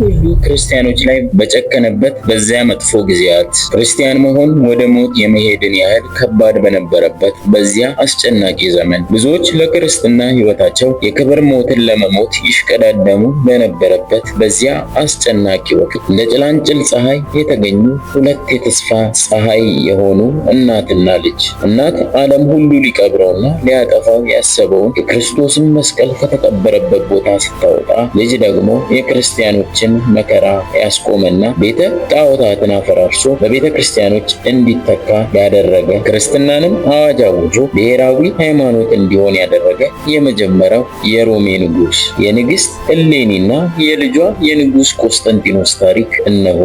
ሁሉ ክርስቲያኖች ላይ በጨከነበት በዚያ መጥፎ ጊዜያት ክርስቲያን መሆን ወደ ሞት የመሄድን ያህል ከባድ በነበረበት በዚያ አስጨናቂ ዘመን ብዙዎች ለክርስትና ሕይወታቸው የክብር ሞትን ለመሞት ይሽቀዳደሙ በነበረበት በዚያ አስጨናቂ ወቅት ለጭላንጭል ፀሐይ የተገኙ ሁለት የተስፋ ፀሐይ የሆኑ እናትና ልጅ እናት ዓለም ሁሉ ሊቀብረውና ሊያጠፋው ያሰበውን የክርስቶስን መስቀል ከተቀበረበት ቦታ ስታወጣ ልጅ ደግሞ የክርስቲያኖች ሰዎችን መከራ ያስቆመና ቤተ ጣዖታትን አፈራርሶ በቤተ ክርስቲያኖች እንዲተካ ያደረገ ክርስትናንም አዋጅ አውጆ ብሔራዊ ሃይማኖት እንዲሆን ያደረገ የመጀመሪያው የሮሜ ንጉስ የንግስት እሌኒና የልጇ የንጉስ ቆስጠንጢኖስ ታሪክ እነሆ።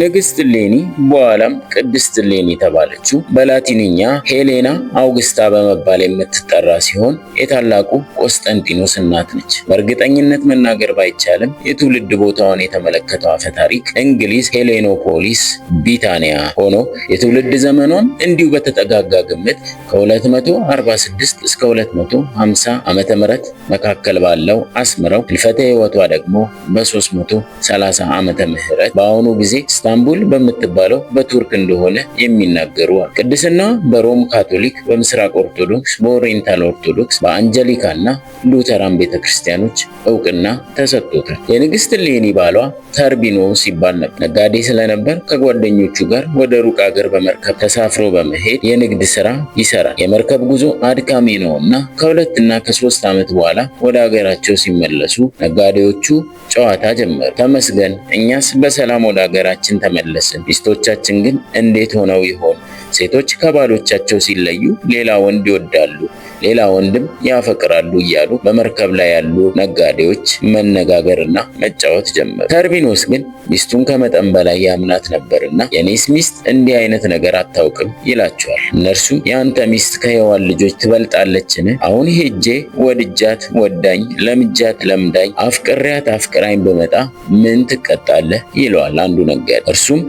ንግሥት ሌኒ በኋላም ቅድስት ሌኒ ተባለችው በላቲንኛ ሄሌና አውግስታ በመባል የምትጠራ ሲሆን የታላቁ ቆስጠንጢኖስ እናት ነች። በእርግጠኝነት መናገር ባይቻልም የትውልድ ቦታውን የተመለከተው አፈ ታሪክ እንግሊዝ ሄሌኖፖሊስ ቢታንያ ሆኖ የትውልድ ዘመኗን እንዲሁ በተጠጋጋ ግምት ከ246 እስከ 250 ዓመተ ምህረት መካከል ባለው አስምረው ህልፈተ ህይወቷ ደግሞ በ330 ዓመተ ምህረት በአሁኑ ጊዜ ኢስታንቡል በምትባለው በቱርክ እንደሆነ የሚናገሩ አሉ። ቅድስና በሮም ካቶሊክ፣ በምስራቅ ኦርቶዶክስ፣ በኦሪየንታል ኦርቶዶክስ፣ በአንጀሊካና ሉተራን ቤተ ክርስቲያኖች እውቅና ተሰጥቶታል። የንግስት ሌኒ ባሏ ተርቢኖስ ይባል ነበር። ነጋዴ ስለነበር ከጓደኞቹ ጋር ወደ ሩቅ አገር በመርከብ ተሳፍሮ በመሄድ የንግድ ስራ ይሰራል። የመርከብ ጉዞ አድካሚ ነው እና ከሁለትና ከሶስት ዓመት በኋላ ወደ ሀገራቸው ሲመለሱ ነጋዴዎቹ ጨዋታ ጀመሩ። ተመስገን እኛስ በሰላም ወደ ሀገራችን ቤታችን ተመለስን። ሚስቶቻችን ግን እንዴት ሆነው ይሆን? ሴቶች ከባሎቻቸው ሲለዩ ሌላ ወንድ ይወዳሉ። ሌላ ወንድም ያፈቅራሉ እያሉ በመርከብ ላይ ያሉ ነጋዴዎች መነጋገርና መጫወት ጀመሩ። ተርቢኖስ ግን ሚስቱን ከመጠን በላይ ያምናት ነበርና የኔስ ሚስት እንዲህ አይነት ነገር አታውቅም ይላቸዋል። እነርሱም የአንተ ሚስት ከሔዋን ልጆች ትበልጣለችን? አሁን ሄጄ ወድጃት ወዳኝ ለምጃት ለምዳኝ አፍቅሪያት አፍቅራኝ በመጣ ምን ትቀጣለህ? ይለዋል አንዱ ነጋዴ። እርሱም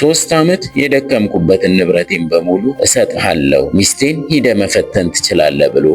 ሶስት ዓመት የደከምኩበትን ንብረቴን በሙሉ እሰጥሃለሁ፣ ሚስቴን ሂደ መፈተን ትችላለህ ብሎ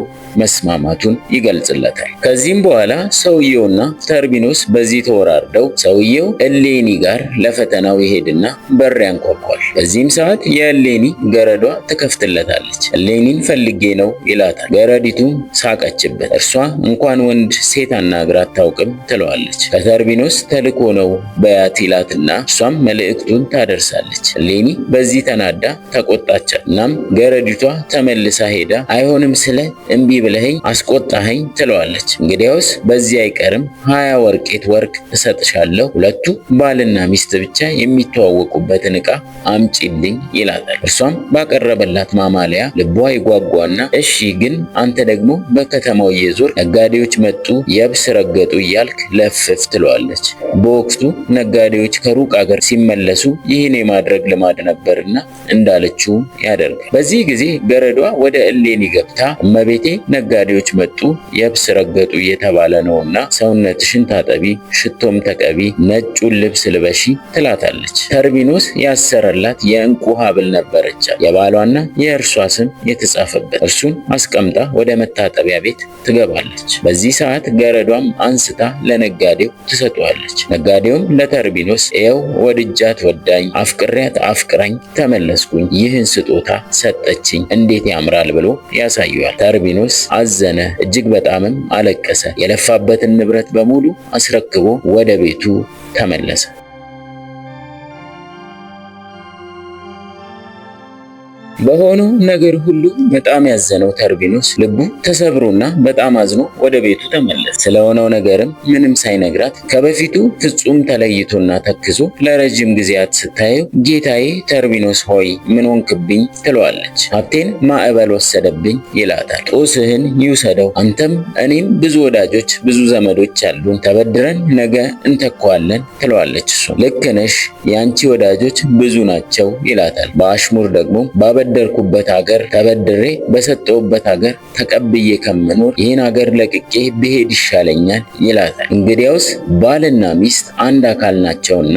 መስማማቱን ይገልጽለታል። ከዚህም በኋላ ሰውየውና ተርቢኖስ በዚህ ተወራርደው ሰውየው እሌኒ ጋር ለፈተናው ይሄድና በር ያንኳኳል። በዚህም ሰዓት የእሌኒ ገረዷ ትከፍትለታለች። እሌኒን ፈልጌ ነው ይላታል። ገረዲቱም ሳቀችበት። እርሷ እንኳን ወንድ ሴት አናግራ አታውቅም ትለዋለች። ከተርቢኖስ ተልኮ ነው በያት ይላትና እሷም መልእክቱን ታደርሳለች። እሌኒ በዚህ ተናዳ ተቆጣቻት። እናም ገረዲቷ ተመልሳ ሄዳ አይሆንም ስለ እምቢ ብለኸኝ አስቆጣኸኝ ትለዋለች። እንግዲያውስ በዚህ አይቀርም ሀያ ወርቄት ወርቅ እሰጥሻለሁ፣ ሁለቱ ባልና ሚስት ብቻ የሚተዋወቁበትን ዕቃ አምጪልኝ ይላታል። እርሷም ባቀረበላት ማማለያ ልቧ ይጓጓና እሺ ግን አንተ ደግሞ በከተማው እየዞር ነጋዴዎች መጡ የብስ ረገጡ እያልክ ለፍፍ ትለዋለች። በወቅቱ ነጋዴዎች ከሩቅ አገር ሲመለሱ ይህን የማድረግ ልማድ ነበርና እንዳለችውም ያደርጋል። በዚህ ጊዜ ገረዷ ወደ እሌኒ ገብታ እመቤቴ ነጋዴዎች መጡ፣ የብስ ረገጡ እየተባለ ነውና ሰውነትሽን ታጠቢ፣ ሽቶም ተቀቢ፣ ነጩን ልብስ ልበሺ ትላታለች። ተርቢኖስ ያሰረላት የእንቁ ሀብል ነበረች፣ የባሏና የእርሷ ስም የተጻፈበት። እርሱን አስቀምጣ ወደ መታጠቢያ ቤት ትገባለች። በዚህ ሰዓት ገረዷም አንስታ ለነጋዴው ትሰጠዋለች። ነጋዴውም ለተርቢኖስ ይኸው ወድጃት ወዳኝ አፍቅሪያት አፍቅራኝ ተመለስኩኝ፣ ይህን ስጦታ ሰጠችኝ፣ እንዴት ያምራል ብሎ ያሳየዋል። ለቀርቢኖስ አዘነ፣ እጅግ በጣምም አለቀሰ። የለፋበትን ንብረት በሙሉ አስረክቦ ወደ ቤቱ ተመለሰ። በሆነው ነገር ሁሉ በጣም ያዘነው ተርቢኖስ ልቡ ተሰብሮና በጣም አዝኖ ወደ ቤቱ ተመለሰ። ስለሆነው ነገርም ምንም ሳይነግራት ከበፊቱ ፍጹም ተለይቶና ተክዞ ለረጅም ጊዜያት ስታየው ጌታዬ ተርቢኖስ ሆይ ምን ሆንክብኝ ትለዋለች። ሀብቴን ማዕበል ወሰደብኝ ይላታል። ጦስህን ይውሰደው አንተም እኔም ብዙ ወዳጆች ብዙ ዘመዶች አሉን፣ ተበድረን ነገ እንተኳዋለን ትለዋለች። እሱ ልክ ነሽ፣ የአንቺ ወዳጆች ብዙ ናቸው ይላታል። በአሽሙር ደግሞ በበደርኩበት ሀገር ተበድሬ በሰጠውበት ሀገር ተቀብዬ ከምኖር ይህን ሀገር ለቅቄ ብሄድ ይሻለኛል ይላታል። እንግዲያውስ ባልና ሚስት አንድ አካል ናቸውና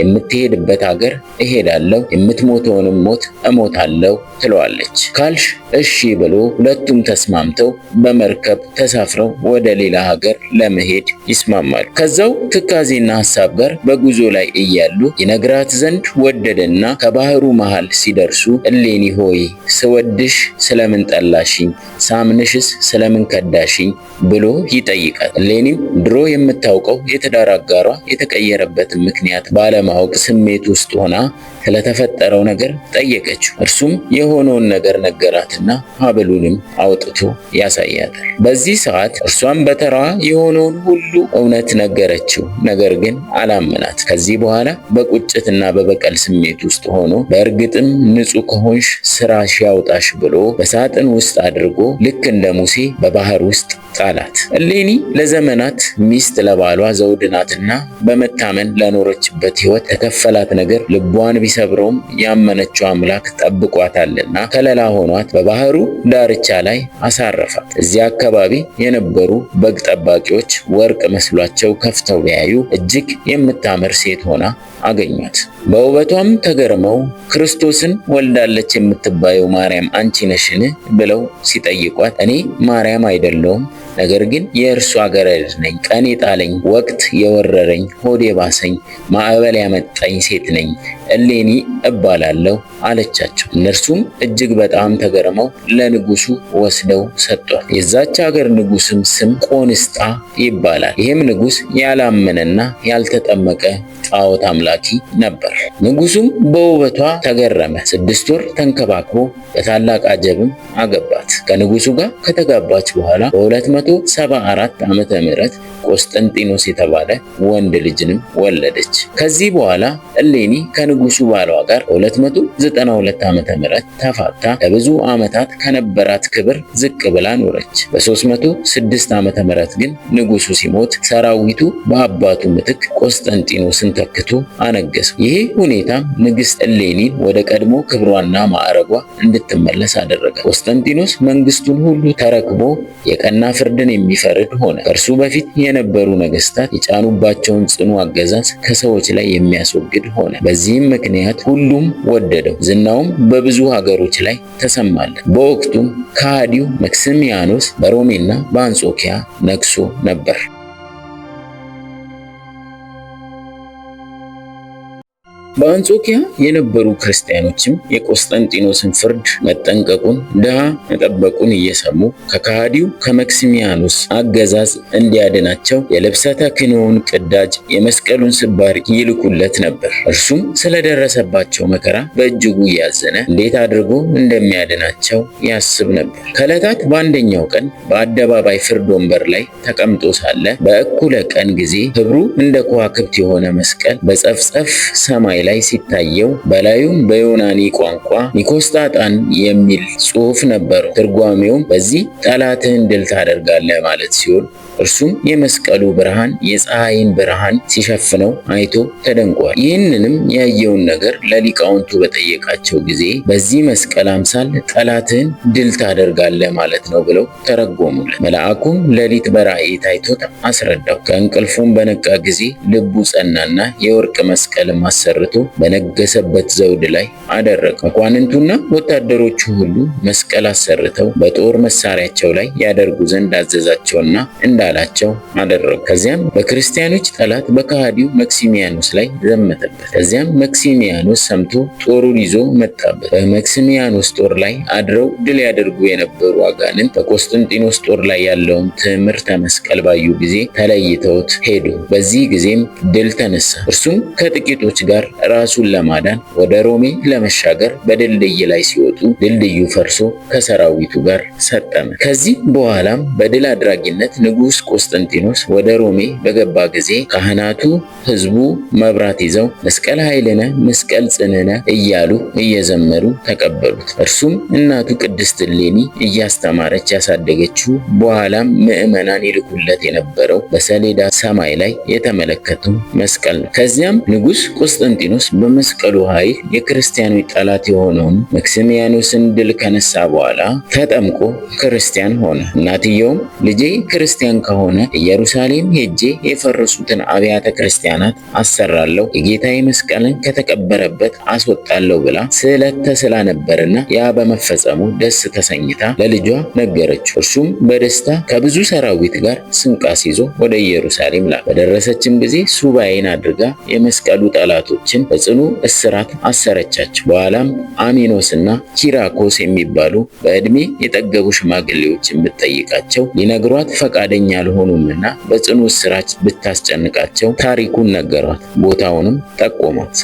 የምትሄድበት ሀገር እሄዳለሁ፣ የምትሞተውንም ሞት እሞታለሁ ትለዋለች። ካልሽ እሺ ብሎ ሁለቱም ተስማምተው በመርከብ ተሳፍረው ወደ ሌላ ሀገር ለመሄድ ይስማማሉ። ከዛው ትካዜና ሀሳብ ጋር በጉዞ ላይ እያሉ ይነግራት ዘንድ ወደደና ከባህሩ መሃል ሲደርሱ እሌኒ ሆይ ስወድሽ ስለምን ጠላሽኝ? ሳምንሽስ ስለምን ከዳሽኝ? ብሎ ይጠይቃል። ሌኒም ድሮ የምታውቀው የትዳር አጋሯ የተቀየረበትን ምክንያት ባለማወቅ ስሜት ውስጥ ሆና ስለተፈጠረው ነገር ጠየቀችው። እርሱም የሆነውን ነገር ነገራትና ሀብሉንም አውጥቶ ያሳያታል። በዚህ ሰዓት እርሷም በተራዋ የሆነውን ሁሉ እውነት ነገረችው። ነገር ግን አላመናት። ከዚህ በኋላ በቁጭትና በበቀል ስሜት ውስጥ ሆኖ በእርግጥም ንጹህ ከሆንሽ ሥራ ያውጣሽ ብሎ በሳጥን ውስጥ አድርጎ ልክ እንደ ሙሴ በባህር ውስጥ ጣላት። እሌኒ ለዘመናት ሚስት ለባሏ ዘውድ ናትና በመታመን ለኖረችበት ሕይወት ተከፈላት ነገር ልቧን ቢሰብረውም ያመነችው አምላክ ጠብቋታልና ከለላ ሆኗት በባህሩ ዳርቻ ላይ አሳረፋት። እዚያ አካባቢ የነበሩ በግ ጠባቂዎች ወርቅ መስሏቸው ከፍተው ቢያዩ እጅግ የምታምር ሴት ሆና አገኙት። በውበቷም ተገርመው ክርስቶስን ወልዳለች የምትባየው ማርያም አንቺ ነሽን ብለው ሲጠይቋት እኔ ማርያም አይደለውም። ነገር ግን የእርሱ ገረድ ነኝ። ቀን የጣለኝ፣ ወቅት የወረረኝ፣ ሆዴ ባሰኝ፣ ማዕበል ያመጣኝ ሴት ነኝ እሌኒ እባላለሁ አለቻቸው። እነርሱም እጅግ በጣም ተገርመው ለንጉሱ ወስደው ሰጧት። የዛች ሀገር ንጉስም ስም ቆንስጣ ይባላል። ይህም ንጉስ ያላመነና ያልተጠመቀ ጣዖት አምላኪ ነበር። ንጉሱም በውበቷ ተገረመ። ስድስት ወር ተንከባክቦ በታላቅ አጀብም አገባት። ከንጉሱ ጋር ከተጋባች በኋላ በ274 ዓመተ ምህረት ቆስጠንጢኖስ የተባለ ወንድ ልጅንም ወለደች። ከዚህ በኋላ እሌኒ ከንጉሱ ባሏ ጋር በ292 ዓመተ ምህረት ተፋታ። ለብዙ ዓመታት ከነበራት ክብር ዝቅ ብላ ኖረች። በ306 ዓመተ ምህረት ግን ንጉሱ ሲሞት ሰራዊቱ በአባቱ ምትክ ቆስጠንጢኖስን ተንበርክቶ አነገሰ። ይህ ሁኔታ ንግሥት እሌኒን ወደ ቀድሞ ክብሯና ማዕረጓ እንድትመለስ አደረገ። ቆስጠንጢኖስ መንግስቱን ሁሉ ተረክቦ የቀና ፍርድን የሚፈርድ ሆነ። ከእርሱ በፊት የነበሩ ነገስታት የጫኑባቸውን ጽኑ አገዛዝ ከሰዎች ላይ የሚያስወግድ ሆነ። በዚህም ምክንያት ሁሉም ወደደው፣ ዝናውም በብዙ ሀገሮች ላይ ተሰማለ። በወቅቱም ከሃዲው መክስሚያኖስ በሮሜና በአንጾኪያ ነግሶ ነበር። በአንጾኪያ የነበሩ ክርስቲያኖችም የቆስጠንጢኖስን ፍርድ መጠንቀቁን ድሃ መጠበቁን እየሰሙ ከካሃዲው ከመክሲሚያኖስ አገዛዝ እንዲያድናቸው የልብሰ ተክህኖውን ቅዳጅ የመስቀሉን ስባሪ ይልኩለት ነበር። እርሱም ስለደረሰባቸው መከራ በእጅጉ እያዘነ እንዴት አድርጎ እንደሚያድናቸው ያስብ ነበር። ከዕለታት በአንደኛው ቀን በአደባባይ ፍርድ ወንበር ላይ ተቀምጦ ሳለ በእኩለ ቀን ጊዜ ህብሩ እንደ ከዋክብት የሆነ መስቀል በጸፍጸፍ ሰማይ ላይ ሲታየው በላዩም በዮናኒ ቋንቋ ኒኮስታጣን የሚል ጽሑፍ ነበረው። ትርጓሜውም በዚህ ጠላትህን ድል ታደርጋለህ ማለት ሲሆን እርሱም የመስቀሉ ብርሃን የፀሐይን ብርሃን ሲሸፍነው አይቶ ተደንቋል። ይህንንም ያየውን ነገር ለሊቃውንቱ በጠየቃቸው ጊዜ በዚህ መስቀል አምሳል ጠላትህን ድል ታደርጋለህ ማለት ነው ብለው ተረጎሙለት። መልአኩም ሌሊት በራእይ ታይቶት አስረዳው። ከእንቅልፉም በነቃ ጊዜ ልቡ ጸናና የወርቅ መስቀልም አሰርቶ በነገሰበት ዘውድ ላይ አደረገ። መኳንንቱና ወታደሮቹ ሁሉ መስቀል አሰርተው በጦር መሳሪያቸው ላይ ያደርጉ ዘንድ አዘዛቸውና እንዳ እንዳላቸው አደረጉ። ከዚያም በክርስቲያኖች ጠላት በከሃዲው መክሲሚያኖስ ላይ ዘመተበት። ከዚያም መክሲሚያኖስ ሰምቶ ጦሩን ይዞ መጣበት። በመክሲሚያኖስ ጦር ላይ አድረው ድል ያደርጉ የነበሩ አጋንንት በቆስጠንጢኖስ ጦር ላይ ያለውን ትምህርተ መስቀል ባዩ ጊዜ ተለይተውት ሄዱ። በዚህ ጊዜም ድል ተነሳ። እርሱም ከጥቂቶች ጋር ራሱን ለማዳን ወደ ሮሜ ለመሻገር በድልድይ ላይ ሲወጡ ድልድዩ ፈርሶ ከሰራዊቱ ጋር ሰጠመ። ከዚህ በኋላም በድል አድራጊነት ንጉሥ ቅዱስ ቆስጠንጢኖስ ወደ ሮሜ በገባ ጊዜ ካህናቱ ሕዝቡ መብራት ይዘው መስቀል ኃይልነ መስቀል ጽንነ እያሉ እየዘመሩ ተቀበሉት። እርሱም እናቱ ቅድስት እሌኒ እያስተማረች ያሳደገችው በኋላም ምዕመናን ይልኩለት የነበረው በሰሌዳ ሰማይ ላይ የተመለከተው መስቀል ነው። ከዚያም ንጉሥ ቆስጠንጢኖስ በመስቀሉ ኃይል የክርስቲያኖች ጠላት የሆነውን መክስሚያኖስን ድል ከነሳ በኋላ ተጠምቆ ክርስቲያን ሆነ። እናትየውም ልጄ ክርስቲያን ከሆነ ኢየሩሳሌም ሄጄ የፈረሱትን አብያተ ክርስቲያናት አሰራለሁ፣ የጌታዬ መስቀልን ከተቀበረበት አስወጣለሁ ብላ ስዕለት ተስላ ነበርና ያ በመፈጸሙ ደስ ተሰኝታ ለልጇ ነገረችው። እርሱም በደስታ ከብዙ ሰራዊት ጋር ስንቃስ ይዞ ወደ ኢየሩሳሌም ላ በደረሰችም ጊዜ ሱባኤን አድርጋ የመስቀሉ ጠላቶችን በጽኑ እስራት አሰረቻቸው። በኋላም አሚኖስና ኪራኮስ የሚባሉ በዕድሜ የጠገቡ ሽማግሌዎች የምትጠይቃቸው ሊነግሯት ፈቃደኛ አልሆኑም እና በጽኑ ስራች ብታስጨንቃቸው ታሪኩን ነገሯት፣ ቦታውንም ጠቆሟት።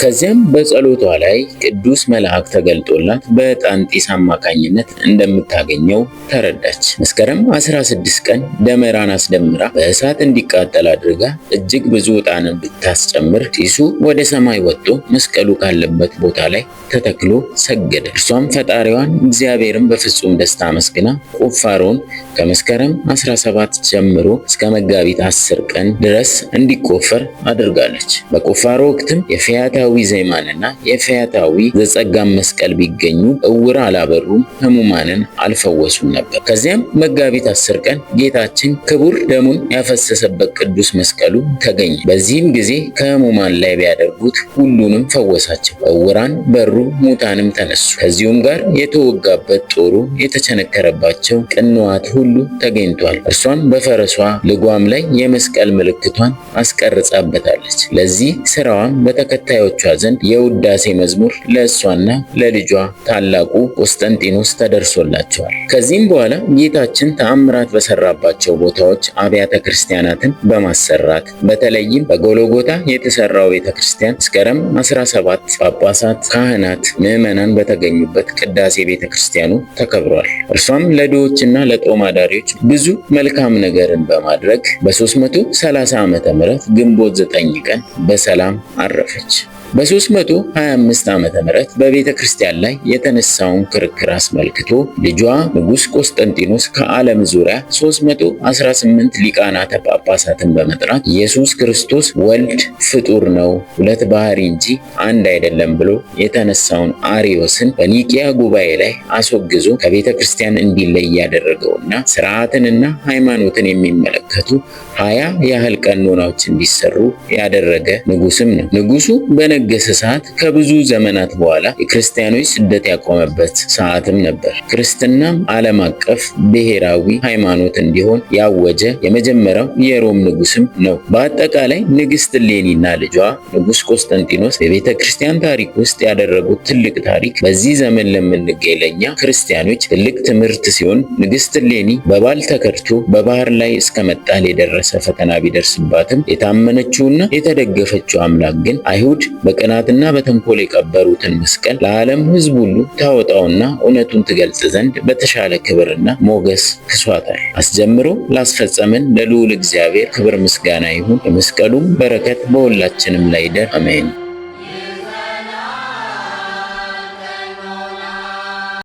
ከዚያም በጸሎቷ ላይ ቅዱስ መልአክ ተገልጦላት በጣንጢስ አማካኝነት እንደምታገኘው ተረዳች። መስከረም 16 ቀን ደመራን አስደምራ በእሳት እንዲቃጠል አድርጋ እጅግ ብዙ ዕጣንን ብታስጨምር ጢሱ ወደ ሰማይ ወጥቶ መስቀሉ ካለበት ቦታ ላይ ተተክሎ ሰገደ። እርሷም ፈጣሪዋን እግዚአብሔርን በፍጹም ደስታ አመስግና ቁፋሮን ከመስከረም 17 ጀምሮ እስከ መጋቢት 10 ቀን ድረስ እንዲቆፈር አድርጋለች። በቁፋሮ ወቅትም የፊያታ የጥንታዊ ዘይማንና የፈያታዊ ዘጸጋም መስቀል ቢገኙ እውር አላበሩም፣ ህሙማንን አልፈወሱም ነበር። ከዚያም መጋቢት አስር ቀን ጌታችን ክቡር ደሙን ያፈሰሰበት ቅዱስ መስቀሉ ተገኘ። በዚህም ጊዜ ከህሙማን ላይ ቢያደርጉት ሁሉንም ፈወሳቸው። እውራን በሩ፣ ሙታንም ተነሱ። ከዚሁም ጋር የተወጋበት ጦሩ የተቸነከረባቸው ቅንዋት ሁሉ ተገኝቷል። እርሷም በፈረሷ ልጓም ላይ የመስቀል ምልክቷን አስቀርጻበታለች። ለዚህ ስራዋም በተከታዮች በወዳጆቿ ዘንድ የውዳሴ መዝሙር ለእሷና ለልጇ ታላቁ ቆስጠንጢኖስ ተደርሶላቸዋል። ከዚህም በኋላ ጌታችን ተአምራት በሰራባቸው ቦታዎች አብያተ ክርስቲያናትን በማሰራት በተለይም በጎሎጎታ የተሰራው ቤተ ክርስቲያን መስከረም 17 ጳጳሳት፣ ካህናት፣ ምዕመናን በተገኙበት ቅዳሴ ቤተ ክርስቲያኑ ተከብሯል። እርሷም ለድሆችና ለጦም አዳሪዎች ብዙ መልካም ነገርን በማድረግ በ330 ም ግንቦት 9 ቀን በሰላም አረፈች። በ325 ዓ ም በቤተ ክርስቲያን ላይ የተነሳውን ክርክር አስመልክቶ ልጇ ንጉሥ ቆስጠንጢኖስ ከዓለም ዙሪያ 318 ሊቃናተ ጳጳሳትን በመጥራት ኢየሱስ ክርስቶስ ወልድ ፍጡር ነው፣ ሁለት ባህሪ እንጂ አንድ አይደለም ብሎ የተነሳውን አሪዮስን በኒቅያ ጉባኤ ላይ አስወግዞ ከቤተ ክርስቲያን እንዲለይ ያደረገውና ስርዓትንና ሃይማኖትን የሚመለከቱ ሀያ ያህል ቀኖናዎች እንዲሰሩ ያደረገ ንጉስም ነው። ንጉሱ በነ የነገሰ ሰዓት ከብዙ ዘመናት በኋላ የክርስቲያኖች ስደት ያቆመበት ሰዓትም ነበር። ክርስትናም ዓለም አቀፍ ብሔራዊ ሃይማኖት እንዲሆን ያወጀ የመጀመሪያው የሮም ንጉስም ነው። በአጠቃላይ ንግስት ሌኒና ልጇ ንጉስ ቆስጠንጢኖስ በቤተ ክርስቲያን ታሪክ ውስጥ ያደረጉት ትልቅ ታሪክ በዚህ ዘመን ለምንገኝ ክርስቲያኖች ትልቅ ትምህርት ሲሆን ንግስት ሌኒ በባል ተከድቶ በባህር ላይ እስከ መጣል የደረሰ ፈተና ቢደርስባትም የታመነችውና የተደገፈችው አምላክ ግን አይሁድ በቅናትና በተንኮል የቀበሩትን መስቀል ለዓለም ሕዝብ ሁሉ ታወጣውና እውነቱን ትገልጽ ዘንድ በተሻለ ክብርና ሞገስ ክሷታል። አስጀምሮ ላስፈጸምን ለልዑል እግዚአብሔር ክብር ምስጋና ይሁን። የመስቀሉም በረከት በሁላችንም ላይ ደር አሜን።